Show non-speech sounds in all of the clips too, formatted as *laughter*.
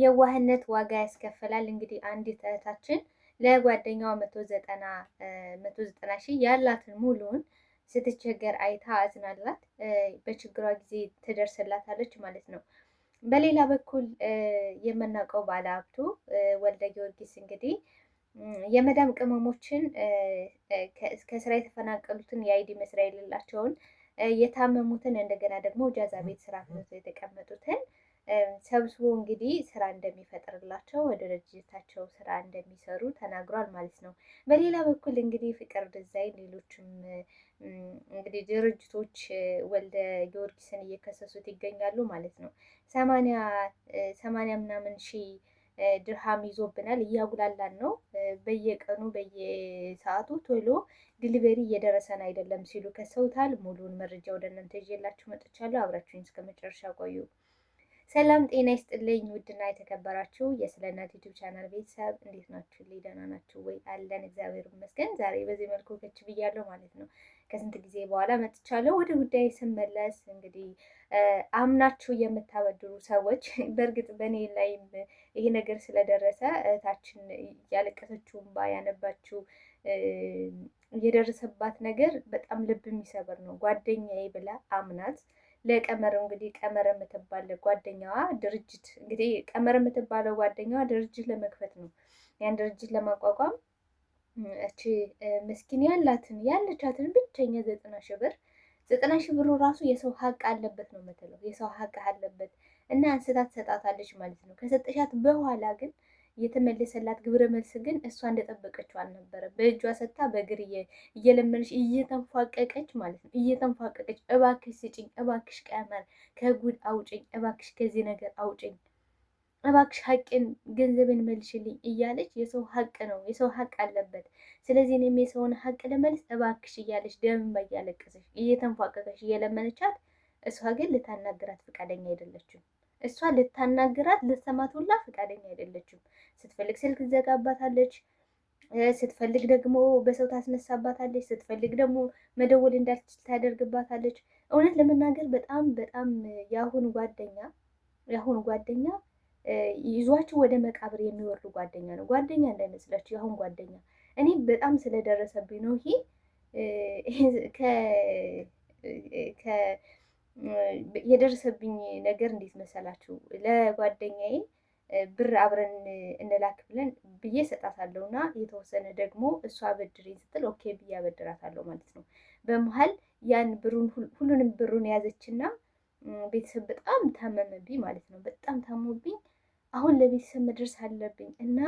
የዋህነት ዋጋ ያስከፍላል። እንግዲህ አንዲት እህታችን ለጓደኛዋ መቶ ዘጠና መቶ ዘጠና ሺህ ያላትን ሙሉውን ስትቸገር አይታ አዝናላት በችግሯ ጊዜ ትደርስላታለች ማለት ነው። በሌላ በኩል የምናውቀው ባለሀብቱ ወልደ ጊዮርጊስ እንግዲህ የመዳም ቅመሞችን ከስራ የተፈናቀሉትን የአይዲ መስሪያ የሌላቸውን የታመሙትን እንደገና ደግሞ ጃዛ ቤት ስራ የተቀመጡትን ሰብስቦ እንግዲህ ስራ እንደሚፈጥርላቸው ወደ ድርጅታቸው ስራ እንደሚሰሩ ተናግሯል ማለት ነው። በሌላ በኩል እንግዲህ ፍቅር ዲዛይን ሌሎችም እንግዲህ ድርጅቶች ወልደ ጊዮርጊስን እየከሰሱት ይገኛሉ ማለት ነው። ሰማንያ ሰማንያ ምናምን ሺህ ድርሃም ይዞብናል እያጉላላን ነው፣ በየቀኑ በየሰዓቱ ቶሎ ዲሊቨሪ እየደረሰን አይደለም ሲሉ ከሰውታል። ሙሉን መረጃ ወደ እናንተ ይዤላችሁ መጥቻለሁ። አብራችሁኝ እስከ መጨረሻ ቆዩ። ሰላም ጤና ይስጥልኝ። ውድና የተከበራችሁ የስለነት ዩቱብ ቻናል ቤተሰብ እንዴት ናችሁ? ደህና ናችሁ ወይ? አለን እግዚአብሔር ይመስገን። ዛሬ በዚህ መልኩ ከች ብያለሁ ማለት ነው። ከስንት ጊዜ በኋላ መጥቻለሁ። ወደ ጉዳይ ስመለስ እንግዲህ አምናችሁ የምታበድሩ ሰዎች *laughs* በእርግጥ በእኔ ላይም ይሄ ነገር ስለደረሰ እህታችን ያለቀሰችውን ባ ያነባችው የደረሰባት ነገር በጣም ልብ የሚሰብር ነው። ጓደኛዬ ብላ አምናት ለቀመር እንግዲህ ቀመር የምትባል ጓደኛዋ ድርጅት እንግዲህ ቀመር የምትባለው ጓደኛዋ ድርጅት ለመክፈት ነው። ያን ድርጅት ለማቋቋም እቺ ምስኪን ያላትን ያለቻትን ብቸኛ ዘጠና ሺህ ብር ዘጠና ሺህ ብሩ ራሱ የሰው ሀቅ አለበት ነው የምትለው የሰው ሀቅ አለበት እና አንስታ ትሰጣታለች ማለት ነው። ከሰጠሻት በኋላ ግን የተመለሰላት ግብረ መልስ ግን እሷ እንደጠበቀችው አልነበረ። በእጇ ሰታ በእግር እየለመነች እየተንፏቀቀች ማለት ነው እየተንፏቀቀች እባክሽ ስጭኝ፣ እባክሽ ቀመር ከጉድ አውጭኝ፣ እባክሽ ከዚህ ነገር አውጭኝ፣ እባክሽ ሀቅን ገንዘብን መልሽልኝ እያለች የሰው ሀቅ ነው የሰው ሀቅ አለበት። ስለዚህ እኔም የሰውን ሀቅ ለመልስ እባክሽ እያለች ደምባ እያለቀሰች እየተንፏቀቀች እየለመነቻት እሷ ግን ልታናግራት ፈቃደኛ አይደለችም። እሷ ልታናግራት ልሰማት ሁላ ፈቃደኛ አይደለችም። ስትፈልግ ስልክ ትዘጋባታለች፣ ስትፈልግ ደግሞ በሰው ታስነሳባታለች፣ ስትፈልግ ደግሞ መደወል እንዳልችል ታደርግባታለች። እውነት ለመናገር በጣም በጣም የአሁን ጓደኛ የአሁን ጓደኛ ይዟቸው ወደ መቃብር የሚወርዱ ጓደኛ ነው። ጓደኛ እንዳይመስላችሁ የአሁን ጓደኛ እኔ በጣም ስለደረሰብኝ ነው ይሄ የደረሰብኝ ነገር እንዴት መሰላችሁ? ለጓደኛዬ ብር አብረን እንላክ ብለን ብዬ ሰጣታለሁ እና የተወሰነ ደግሞ እሷ አበድሬ ስትል ኦኬ ብዬ አበድራታለሁ ማለት ነው። በመሀል ያን ብሩን ሁሉንም ብሩን የያዘችና ቤተሰብ በጣም ታመመብኝ ማለት ነው። በጣም ታሞብኝ አሁን ለቤተሰብ መድረስ አለብኝ እና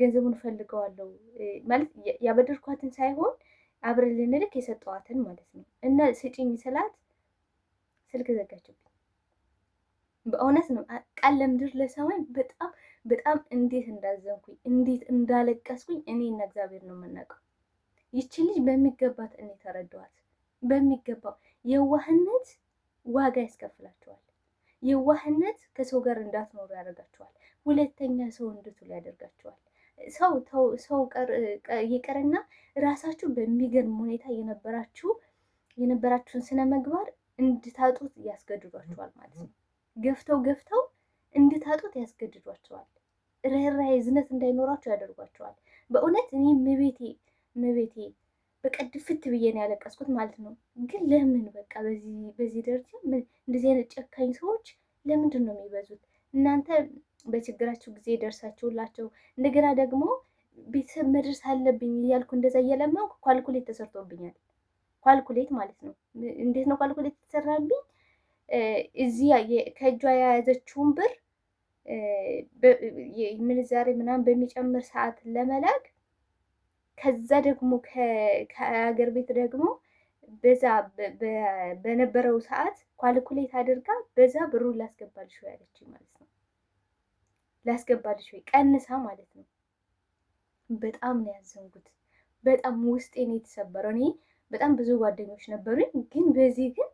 ገንዘቡን እፈልገዋለሁ ማለት ያበደርኳትን ሳይሆን አብረን ልንልክ የሰጠዋትን ማለት ነው እና ስጪኝ ስላት ስልክ ዘጋችብኝ። በእውነት ነው ቃል ለምድር ለሰማይ በጣም በጣም እንዴት እንዳዘንኩኝ እንዴት እንዳለቀስኩኝ እኔ እና እግዚአብሔር ነው የምናውቀው። ይቺ ልጅ በሚገባት እኔ ተረዳኋት። በሚገባው የዋህነት ዋጋ ያስከፍላቸዋል። የዋህነት ከሰው ጋር እንዳትኖሩ ያደርጋቸዋል ሁለተኛ ሰው እንድትሉ ያደርጋቸዋል። ሰው ሰው ይቅርና ራሳችሁ በሚገርም ሁኔታ የነበራችሁ የነበራችሁን ስነ ምግባር እንድታጡት ያስገድዷቸዋል ማለት ነው። ገፍተው ገፍተው እንድታጡት ያስገድዷቸዋል። ርኅራኄ ዝነት እንዳይኖራቸው ያደርጓቸዋል። በእውነት እኔ ምቤቴ ምቤቴ በቃ ብዬ ነው ያለቀስኩት ማለት ነው። ግን ለምን በቃ በዚህ ደረጃ እንደዚህ አይነት ጨካኝ ሰዎች ለምንድን ነው የሚበዙት? እናንተ በችግራችሁ ጊዜ ደርሳችሁላቸው እንደገና ደግሞ ቤተሰብ መድረስ አለብኝ እያልኩ እንደዛ እየለማ ኳልኩሌት ተሰርቶብኛል። ኳልኩሌት ማለት ነው። እንዴት ነው ኳልኩሌት ትሰራልኝ? እዚህ ከእጇ የያዘችውን ብር ምንዛሬ ምናምን በሚጨምር ሰዓት ለመላክ ከዛ ደግሞ ከሀገር ቤት ደግሞ በዛ በነበረው ሰዓት ኳልኩሌት አድርጋ በዛ ብሩን ላስገባልሽ ወይ አለች ማለት ነው። ላስገባልሽ ወይ ቀንሳ ማለት ነው። በጣም ነው ያዘንጉት። በጣም ውስጤ ነው የተሰበረው እኔ በጣም ብዙ ጓደኞች ነበሩኝ። ግን በዚህ ግን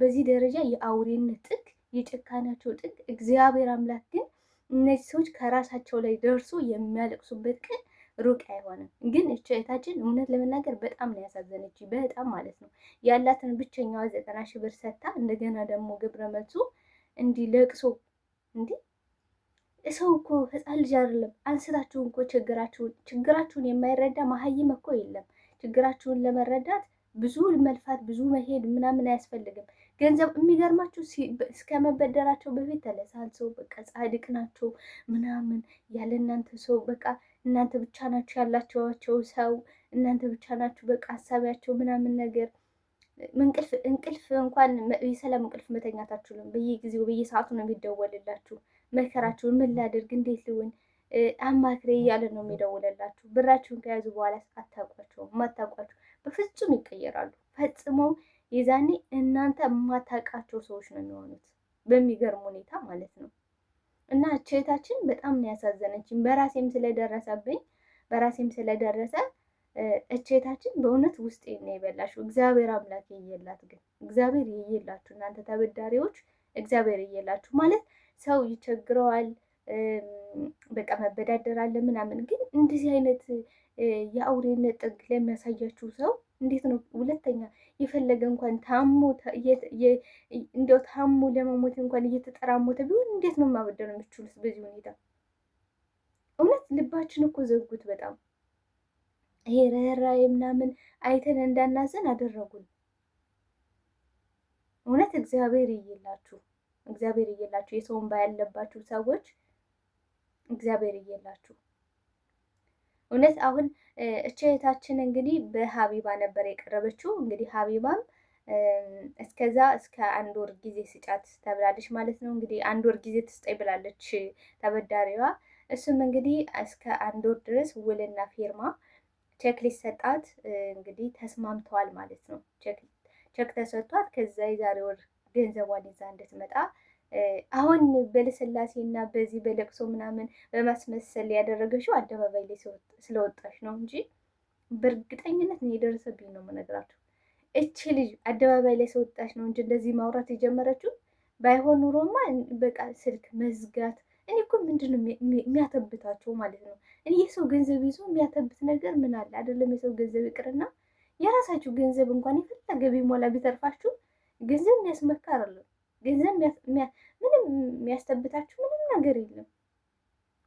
በዚህ ደረጃ የአውሬነት ጥግ፣ የጭካናቸው ጥግ እግዚአብሔር አምላክ ግን እነዚህ ሰዎች ከራሳቸው ላይ ደርሶ የሚያለቅሱበት ቀን ሩቅ አይሆንም። ግን እች እህታችን እውነት ለመናገር በጣም ነው ያሳዘነች፣ በጣም ማለት ነው ያላትን ብቸኛዋ ዘጠና ሺህ ብር ሰታ እንደገና ደግሞ ግብረ መልሱ እንዲህ ለቅሶ እንዲህ ሰው እኮ ህፃን ልጅ አይደለም። አንስታችሁን እኮ ችግራችሁን ችግራችሁን የማይረዳ መሀይም እኮ የለም። ችግራችሁን ለመረዳት ብዙ መልፋት ብዙ መሄድ ምናምን አያስፈልግም። ገንዘብ የሚገርማችሁ እስከ መበደራቸው በፊት ተለሳልሰው በቃ ጻድቅ ናቸው ምናምን ያለ እናንተ ሰው በቃ እናንተ ብቻ ናቸው ያላቸዋቸው ሰው እናንተ ብቻ ናቸው በቃ ሀሳቢያቸው ምናምን ነገር እንቅልፍ እንቅልፍ እንኳን የሰላም እንቅልፍ መተኛት አትችሉም። በየጊዜው በየሰዓቱ ነው የሚደወልላችሁ። መከራችሁን ምን ላድርግ፣ እንዴት ልውን አማክሬ እያለ ነው የሚደውልላችሁ። ብራችሁን ከያዙ በኋላ አታውቋቸውም። አታውቋቸው በፍጹም ይቀየራሉ። ፈጽሞም የዛኔ እናንተ የማታውቃቸው ሰዎች ነው የሚሆኑት በሚገርም ሁኔታ ማለት ነው። እና እህታችን በጣም ነው ያሳዘነችን። በራሴም ስለደረሰብኝ በራሴም ስለደረሰ እህታችን በእውነት ውስጤ ነው የበላሽው። እግዚአብሔር አምላክ ይየላት። ግን እግዚአብሔር ይየላችሁ እናንተ ተበዳሪዎች፣ እግዚአብሔር ይየላችሁ ማለት ሰው ይቸግረዋል፣ በቃ መበዳደር አለ ምናምን፣ ግን እንደዚህ አይነት የአውሬነት ጥግ ለሚያሳያችሁ ሰው እንዴት ነው? ሁለተኛ የፈለገ እንኳን ታሞ እንዲያው ታሞ ለመሞት እንኳን እየተጠራሞተ ቢሆን እንዴት ነው ማበደር የምችሉት? በዚህ ሁኔታ እውነት ልባችን እኮ ዘጉት። በጣም ይሄ ርኅራኄ ምናምን አይተን እንዳናዘን አደረጉን። እውነት እግዚአብሔር እየላችሁ እግዚአብሔር እየላችሁ የሰውን ባያለባችሁ ሰዎች እግዚአብሔር እየላችሁ እውነት አሁን እቼታችን እንግዲህ በሀቢባ ነበር የቀረበችው። እንግዲህ ሀቢባም እስከዛ እስከ አንድ ወር ጊዜ ስጫት ተብላለች ማለት ነው። እንግዲህ አንድ ወር ጊዜ ትስጠኝ ብላለች ተበዳሪዋ። እሱም እንግዲህ እስከ አንድ ወር ድረስ ውልና ፊርማ ቼክ ሊሰጣት እንግዲህ ተስማምተዋል ማለት ነው። ቼክ ተሰጥቷት ከዛ የዛሬ ወር ገንዘቧን ይዛ እንድትመጣ አሁን በልስላሴ እና በዚህ በለቅሶ ምናምን በማስመሰል ያደረገችው አደባባይ ላይ ስለወጣች ነው እንጂ በእርግጠኝነት ነው የደረሰብኝ ነው የምነግራችሁ። እቺ ልጅ አደባባይ ላይ ስለወጣች ነው እንጂ እንደዚህ ማውራት የጀመረችው ባይሆን ኑሮማ በቃ ስልክ መዝጋት። እኔ እኮ ምንድን ነው የሚያተብታቸው ማለት ነው። እኔ የሰው ገንዘብ ይዞ የሚያተብት ነገር ምን አለ አይደለም። የሰው ገንዘብ ይቅርና የራሳችሁ ገንዘብ እንኳን የፈለገ ቢሞላ ቢተርፋችሁ ገንዘብ የሚያስመካር አለ ገንዘብ ምንም የሚያስተብታችሁ ምንም ነገር የለም፣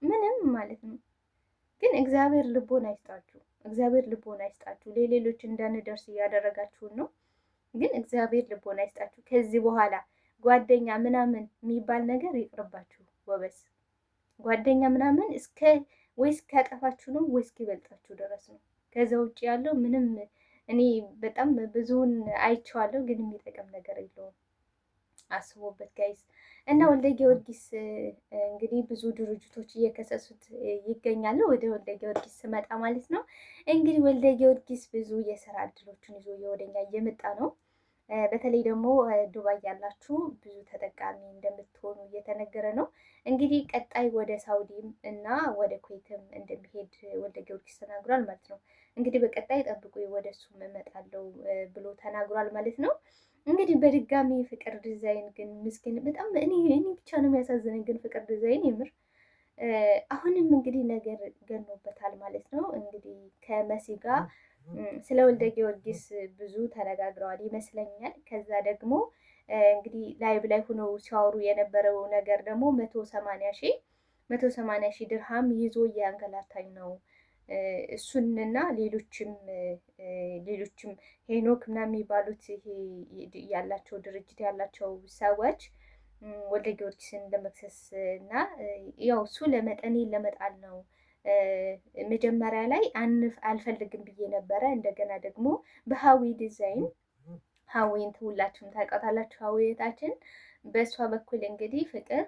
ምንም ማለት ነው። ግን እግዚአብሔር ልቦን አይስጣችሁ፣ እግዚአብሔር ልቦን አይስጣችሁ። ለሌሎች እንዳንደርስ እያደረጋችሁን ነው። ግን እግዚአብሔር ልቦን አይስጣችሁ። ከዚህ በኋላ ጓደኛ ምናምን የሚባል ነገር ይቅርባችሁ። ወበስ ጓደኛ ምናምን እስከ ወይ እስኪያጠፋችሁ ነው ወይ እስኪበልጣችሁ ድረስ ነው። ከዛ ውጭ ያለው ምንም እኔ በጣም ብዙውን አይቼዋለሁ፣ ግን የሚጠቅም ነገር የለውም። አስቦበት ጋይስ እና ወልደ ጊዮርጊስ እንግዲህ ብዙ ድርጅቶች እየከሰሱት ይገኛሉ። ወደ ወልደ ጊዮርጊስ ስመጣ ማለት ነው እንግዲህ ወልደ ጊዮርጊስ ብዙ የስራ እድሎችን ይዞ ወደኛ እየመጣ ነው። በተለይ ደግሞ ዱባይ ያላችሁ ብዙ ተጠቃሚ እንደምትሆኑ እየተነገረ ነው። እንግዲህ ቀጣይ ወደ ሳውዲም እና ወደ ኩዌትም እንደሚሄድ ወልደ ጊዮርጊስ ተናግሯል ማለት ነው። እንግዲህ በቀጣይ ጠብቁ፣ ወደ እሱም እመጣለሁ ብሎ ተናግሯል ማለት ነው። እንግዲህ በድጋሚ ፍቅር ዲዛይን ግን ምስኪን በጣም እኔ እኔ ብቻ ነው የሚያሳዝነኝ። ግን ፍቅር ዲዛይን የምር አሁንም እንግዲህ ነገር ገኖበታል ማለት ነው። እንግዲህ ከመሲ ጋር ስለ ወልደ ጊዮርጊስ ብዙ ተነጋግረዋል ይመስለኛል። ከዛ ደግሞ እንግዲህ ላይብ ላይ ሁነው ሲያወሩ የነበረው ነገር ደግሞ መቶ ሰማንያ ሺህ መቶ ሰማንያ ሺህ ድርሃም ይዞ እያንገላታኝ ነው እሱንና ሌሎችም ሌሎችም ሄኖክ ምናምን የሚባሉት ይሄ ያላቸው ድርጅት ያላቸው ሰዎች ወልደ ጊዮርጊስን ለመክሰስ እና ያው እሱ ለመጠኔ ለመጣል ነው። መጀመሪያ ላይ አልፈልግም ብዬ ነበረ። እንደገና ደግሞ በሀዊ ዲዛይን ሀዊን ትውላችሁም ታውቃታላችሁ። ሀዊታችን በእሷ በኩል እንግዲህ ፍቅር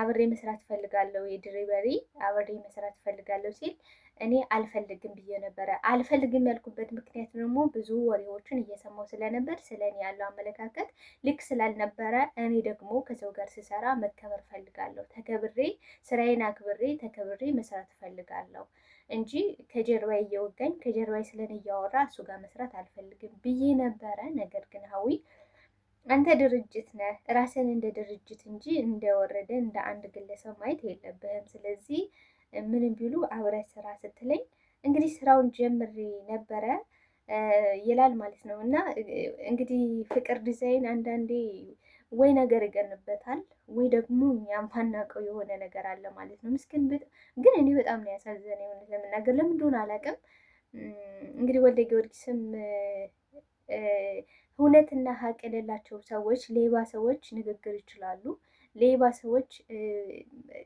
አብሬ መስራት ፈልጋለሁ፣ የድሪበሪ አብሬ መስራት ፈልጋለሁ ሲል እኔ አልፈልግም ብዬ ነበረ። አልፈልግም ያልኩበት ምክንያት ደግሞ ብዙ ወሬዎችን እየሰማው ስለነበር ስለ እኔ ያለው አመለካከት ልክ ስላልነበረ እኔ ደግሞ ከሰው ጋር ስሰራ መከበር ፈልጋለሁ። ተከብሬ ስራዬን አክብሬ ተከብሬ መስራት ፈልጋለሁ እንጂ ከጀርባ እየወጋኝ ከጀርባ ስለን እያወራ እሱ ጋር መስራት አልፈልግም ብዬ ነበረ። ነገር ግን ሀዊ አንተ ድርጅት ነህ። ራስን እንደ ድርጅት እንጂ እንደወረደ እንደ አንድ ግለሰብ ማየት የለብህም። ስለዚህ ምንም ቢሉ አብረህ ስራ ስትለኝ እንግዲህ ስራውን ጀምሬ ነበረ ይላል ማለት ነው። እና እንግዲህ ፍቅር ዲዛይን አንዳንዴ ወይ ነገር ይገንበታል ወይ ደግሞ እኛም ማናውቀው የሆነ ነገር አለ ማለት ነው። ምስኪን ግን እኔ በጣም ነው ያሳዘነኝ ለመናገር ለምን እንደሆነ አላውቅም። እንግዲህ ወልደ ጊዮርጊስም እውነትና ሀቅ የሌላቸው ሰዎች ሌባ ሰዎች ንግግር ይችላሉ። ሌባ ሰዎች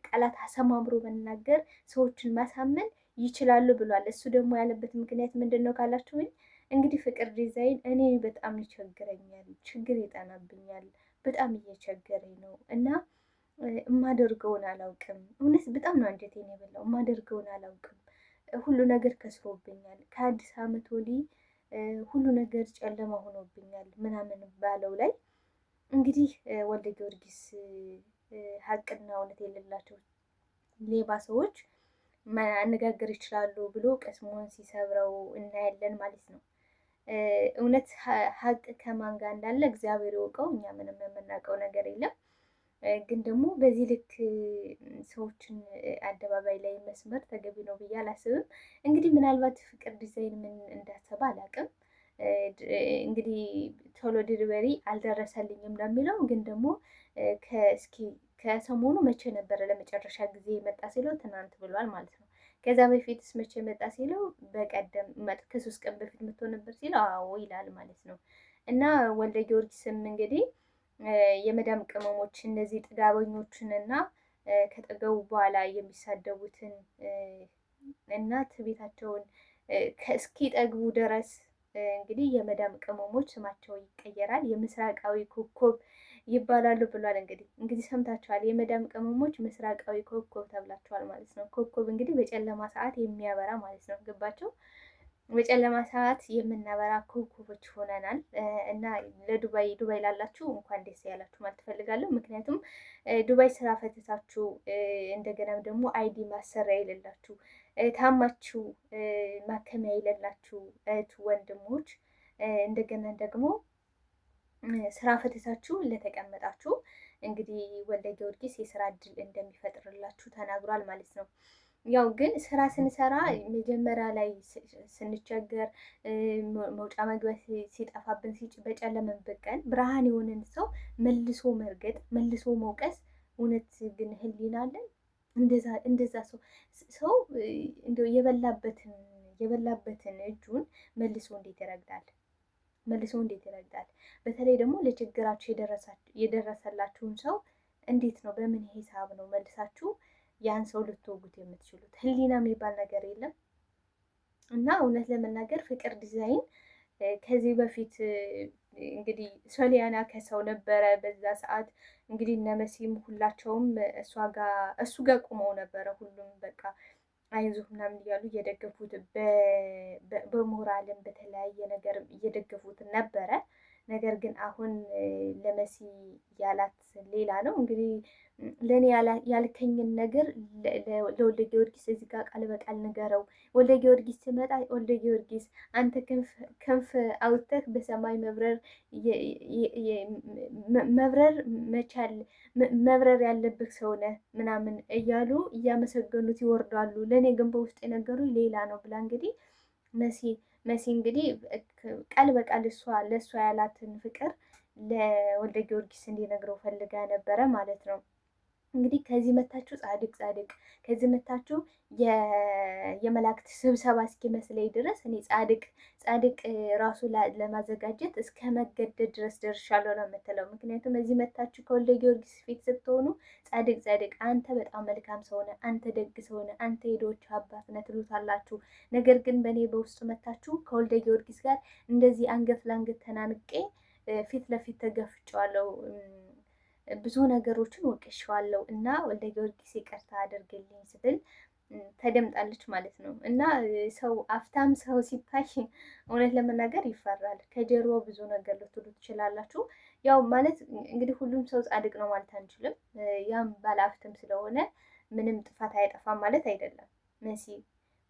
ቃላት አሰማምሮ መናገር ሰዎችን ማሳመን ይችላሉ ብሏል። እሱ ደግሞ ያለበት ምክንያት ምንድን ነው ካላችሁኝ እንግዲህ ፍቅር ዲዛይን እኔ በጣም ይቸግረኛል፣ ችግር ይጠናብኛል፣ በጣም እየቸገረኝ ነው እና እማደርገውን አላውቅም። እውነት በጣም ነው አንጀቴን የበላው። እማደርገውን አላውቅም። ሁሉ ነገር ከስሮብኛል። ከአዲስ አመት ወዲህ ሁሉ ነገር ጨለማ ሆኖብኛል ምናምን ባለው ላይ እንግዲህ ወልደ ጊዮርጊስ ሀቅና እውነት የሌላቸው ሌባ ሰዎች ማነጋገር ይችላሉ ብሎ ቀስሞን ሲሰብረው እናያለን ማለት ነው። እውነት ሀቅ ከማን ጋር እንዳለ እግዚአብሔር ይወቀው። እኛ ምንም የምናውቀው ነገር የለም። ግን ደግሞ በዚህ ልክ ሰዎችን አደባባይ ላይ መስመር ተገቢ ነው ብዬ አላስብም። እንግዲህ ምናልባት ፍቅር ዲዛይን ምን እንዳሰበ አላውቅም። እንግዲህ ቶሎ ዲሊቨሪ አልደረሰልኝም ነው የሚለው። ግን ደግሞ ከእስኪ ከሰሞኑ መቼ ነበረ ለመጨረሻ ጊዜ መጣ ሲለው ትናንት ብሏል ማለት ነው። ከዛ በፊትስ መቼ መጣ ሲለው በቀደም ከሶስት ቀን በፊት መጥቶ ነበር ሲለው አዎ ይላል ማለት ነው። እና ወልደ ጊዮርጊስም እንግዲህ የመዳም ቅመሞች እነዚህ ጥጋበኞችንና ከጠገቡ በኋላ የሚሳደቡትን እና ትቤታቸውን እስኪጠግቡ ድረስ እንግዲህ የመዳም ቅመሞች ስማቸው ይቀየራል። የምስራቃዊ ኮከብ ይባላሉ ብሏል። እንግዲህ እንግዲህ ሰምታችኋል። የመዳም ቅመሞች ምስራቃዊ ኮከብ ተብላችኋል ማለት ነው። ኮከብ እንግዲህ በጨለማ ሰዓት የሚያበራ ማለት ነው። ግባቸው። በጨለማ ሰዓት የምናበራ ኮከቦች ሆነናል እና ለዱባይ ዱባይ ላላችሁ እንኳን ደስ ያላችሁ ማለት ትፈልጋለሁ። ምክንያቱም ዱባይ ስራ ፈትታችሁ እንደገናም ደግሞ አይዲ ማሰሪያ የሌላችሁ ታማችሁ ማከሚያ የሌላችሁ እህት ወንድሞች እንደገና ደግሞ ስራ ፈትታችሁ ለተቀመጣችሁ እንግዲህ ወልደ ጊዮርጊስ የስራ እድል እንደሚፈጥርላችሁ ተናግሯል ማለት ነው። ያው ግን ስራ ስንሰራ መጀመሪያ ላይ ስንቸገር መውጫ መግቢያ ሲጠፋብን በጨለመን ቀን ብርሃን የሆነን ሰው መልሶ መርገጥ መልሶ መውቀስ እውነት ግን ህሊናለን እንደዛ ሰው ሰው እንደው የበላበትን የበላበትን እጁን መልሶ እንዴት ይረግዳል? መልሶ እንዴት ይረግዳል? በተለይ ደግሞ ለችግራችሁ የደረሰላችሁን ሰው እንዴት ነው በምን ሂሳብ ነው መልሳችሁ ያን ሰው ልትወጉት የምትችሉት። ህሊና የሚባል ነገር የለም እና እውነት ለመናገር ፍቅር ዲዛይን ከዚህ በፊት እንግዲህ ሶሊያና ከሰው ነበረ በዛ ሰዓት እንግዲህ እነመሲም ሁላቸውም እሱ ጋር ቁመው ነበረ። ሁሉም በቃ አይዞህ ምናምን እያሉ እየደገፉት በሞራልም በተለያየ ነገር እየደገፉት ነበረ። ነገር ግን አሁን ለመሲ ያላት ሌላ ነው። እንግዲህ ለእኔ ያልከኝን ነገር ለወልደ ጊዮርጊስ እዚህ ጋር ቃል በቃል ንገረው። ወልደ ጊዮርጊስ ስመጣ ወልደ ጊዮርጊስ አንተ ክንፍ አውጥተህ በሰማይ መብረር መብረር መቻል መብረር ያለብህ ሰው ነህ ምናምን እያሉ እያመሰገኑት ይወርዳሉ። ለእኔ ግን በውስጥ የነገሩ ሌላ ነው ብላ እንግዲህ መሲ መሲ እንግዲህ ቃል በቃል እሷ ለእሷ ያላትን ፍቅር ለወልደ ጊዮርጊስ እንዲነግረው ፈልጋ ነበረ ማለት ነው። እንግዲህ ከዚህ መታችሁ ጻድቅ ጻድቅ ከዚህ መታችሁ የመላእክት ስብሰባ እስኪመስለኝ ድረስ እኔ ጻድቅ ጻድቅ ራሱ ለማዘጋጀት እስከ መገደድ ድረስ ደርሻለሁ ነው የምትለው። ምክንያቱም እዚህ መታችሁ ከወልደ ጊዮርጊስ ፊት ስትሆኑ ጻድቅ ጻድቅ፣ አንተ በጣም መልካም ሰውነ፣ አንተ ደግ ሰውነ፣ አንተ የድሆች አባት ነህ ትሉታላችሁ። ነገር ግን በእኔ በውስጡ መታችሁ ከወልደ ጊዮርጊስ ጋር እንደዚህ አንገት ለአንገት ተናንቄ ፊት ለፊት ተገፍጫዋለው ብዙ ነገሮችን ወቅሸዋለሁ እና ወልደ ጊዮርጊስ ይቅርታ አድርግልኝ ስትል ተደምጣለች ማለት ነው። እና ሰው አፍታም ሰው ሲታይ እውነት ለመናገር ይፈራል። ከጀርባው ብዙ ነገር ልትሉ ትችላላችሁ። ያው ማለት እንግዲህ ሁሉም ሰው ጻድቅ ነው ማለት አንችልም። ያም ባለአፍትም ስለሆነ ምንም ጥፋት አይጠፋም ማለት አይደለም። መሲ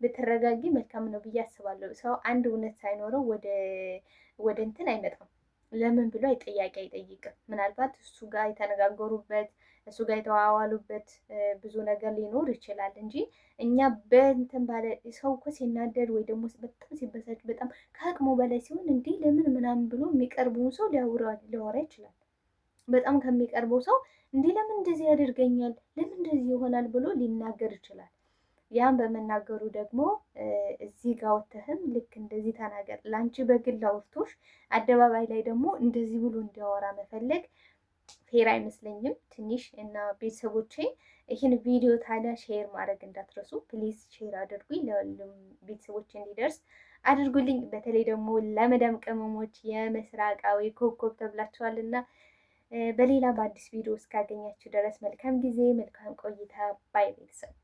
ብትረጋጊ መልካም ነው ብዬ አስባለሁ። ሰው አንድ እውነት ሳይኖረው ወደ እንትን አይመጣም። ለምን ብሎ ጥያቄ አይጠይቅም። ምናልባት እሱ ጋር የተነጋገሩበት እሱ ጋር የተዋዋሉበት ብዙ ነገር ሊኖር ይችላል እንጂ እኛ በንትን ባለ ሰው እኮ ሲናደድ ወይ ደግሞ በጣም ሲበሳጭ በጣም ከአቅሙ በላይ ሲሆን እንዲህ ለምን ምናምን ብሎ የሚቀርበውን ሰው ሊያወራ ይችላል። በጣም ከሚቀርበው ሰው እንዲህ ለምን እንደዚህ ያደርገኛል፣ ለምን እንደዚህ ይሆናል ብሎ ሊናገር ይችላል። ያን በመናገሩ ደግሞ እዚህ ጋ ወተህም ልክ እንደዚህ ተናገር፣ ለአንቺ በግል አውርቶሽ አደባባይ ላይ ደግሞ እንደዚህ ብሎ እንዲያወራ መፈለግ ፌር አይመስለኝም። ትንሽ እና ቤተሰቦቼ ይህን ቪዲዮ ታዲያ ሼር ማድረግ እንዳትረሱ ፕሊዝ፣ ሼር አድርጉኝ ለሁሉም ቤተሰቦች እንዲደርስ አድርጉልኝ። በተለይ ደግሞ ለመዳም ቅመሞች የምስራቃዊ ኮከብ ተብላችኋል እና በሌላ በአዲስ ቪዲዮ እስካገኛችሁ ድረስ መልካም ጊዜ፣ መልካም ቆይታ። ባይ ቤተሰብ